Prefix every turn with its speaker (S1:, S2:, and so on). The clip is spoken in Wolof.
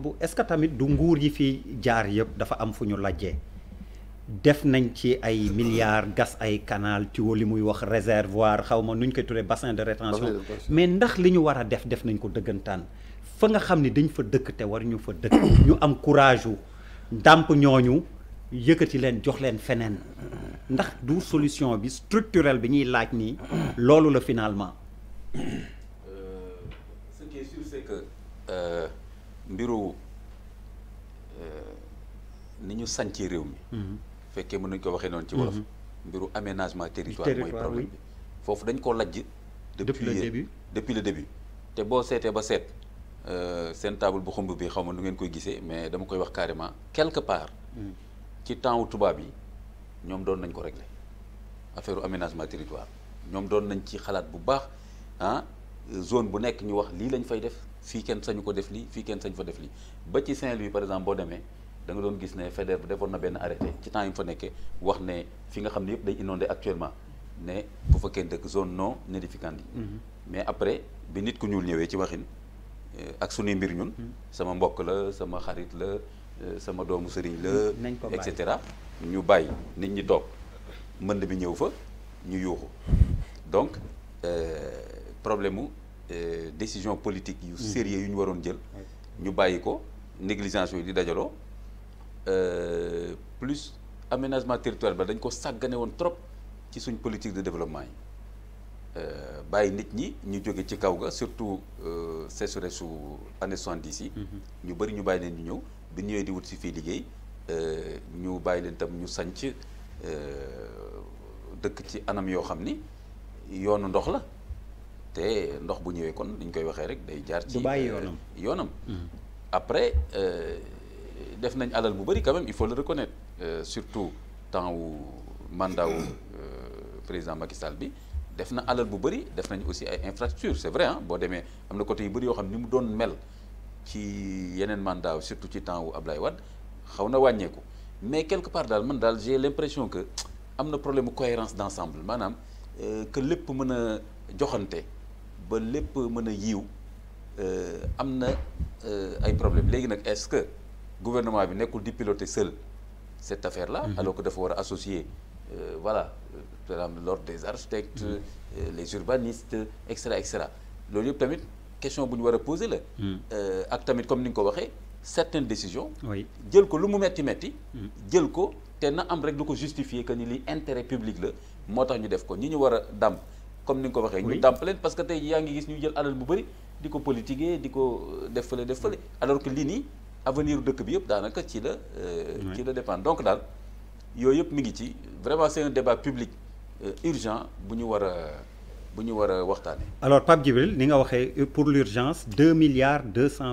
S1: boobu est-ce que tamit du nguur yi fi jaar yëpp dafa am fu ñu lajjee def nañ ci ay milliards gas ay canal tuyau li muy wax réservoir xaw ma nu ñu koy turee bassin de rétention mais ndax li ñu war a def def nañ ko dëggantaan fa nga xam ni dañ fa dëkk te war ñu fa dëkk ñu am courage wu ndàmp ñooñu yëkkati leen jox leen feneen ndax du solution bi structurelle bi ñuy laaj nii loolu la finalement.
S2: Euh, mbiru euh, ni ñu sancee réew mi mm-hmm. fekkee mën nañ ko waxee noonu ci wolof mm-hmm. mbiru aménagement territoire mooy problème foofu dañ koo lajj depuis le début depuis le début te boo seetee ba seet euh, seen table bu xumb bi xaw ma nu ngeen koy gisee mais dama koy wax carrément quelque part mm. ci temps tubaab yi ñoom doon nañ ko régler affaire aménagement territoire ñoom doon nañ ci xalaat bu baax ah zone bu nekk ñu wax lii lañ fay def fii kenn sañu ko def lii fii kenn sañu fa def lii ba ci Saint-Louis par exemple boo demee da nga doon gis ne bu defoon na benn arrêté ci temps yi mu fa nekkee wax ne fi nga xam ne yëpp dañ inondé actuellement ne bu fa kenn dëkk zone non aedificandi yi mhm. mais après bi nit ku ñuul ñëwee ci waxin euh, ak suñuy mbir ñun mhm. sama mbokk la sama xarit la euh, sama doomu sëriñ la mhm. et cetera ñu bàyyi nit ñi toog mën bi ñëw fa ñu yuuxu donc euh, problème mu Euh, décision politique yu mmh. sérieux yu ñu waroon jël ñu bàyyi ko négligence yooyu di dajaloo euh, plus aménagement territorial ba dañ ko sàggane woon trop ci suñ politique de développement yi euh, bàyyi nit ñi ñu jóge ci kaw ga surtout sécheresse su année soixante-dix yi mmh. ñu bëri ñu bàyyi leen ñu ñëw bi ñëwee di wut si fii liggéey ñu bàyyi leen tam ñu sanc dëkk ci anam yoo xam ni yoonu ndox la te ndox bu ñëwee kon liñ koy waxee rek day jaar ci euh, yoonam mm-hmm. après euh, def nañ alal bu bari quand même il faut le reconnaître euh, surtout temps wu mandat wu président Macky bi def na alal bu bari def nañ aussi ay infrastructure c'est vrai ah boo demee am na côté yu bëri yoo xam ni mu doon mel ci yeneen mandat surtout ci temps wu Ablaye Wade xaw na wàññeeku mais quelque part daal man daal j'ai l'impression que am na problème cohérence d'ensemble maanaam que lépp mën a joxante ba lépp mën a yiiw euh, am na euh, ay problème léegi nag est-ce que gouvernement bi nekkul di piloter seul cette affaire la mm-hmm. alors ko dafa war a associer euh, voilà par exemple des architectes mm-hmm. les urbanistes et cetera et cetera loolu yëpp tamit question bu ñu war a poser la mm-hmm. ak tamit comme ni nga ko waxee certaines décisions jël ko lu mu metti metti jël ko te na am rek lu ko justifier que ni li intérêt public la moo tax ñu def ko ñi ñu war a dàmp comme ni nga ko waxee ñu dàmp leen parce que tey yaa ngi gis ñu jël alal bu bëri di ko politiquer di ko euh, def fële def fële alors que lii nii avenir dëkk bi yëpp daanaka ci la euh, ci la dépendre donc daal yooyu yëpp mu ngi ci vraiment c'est un débat public euh, urgent bu ñu war a bu ñu war a waxtaanee
S1: alors Pape Djibril ni nga waxee pour l'urgence deux milliards deux cent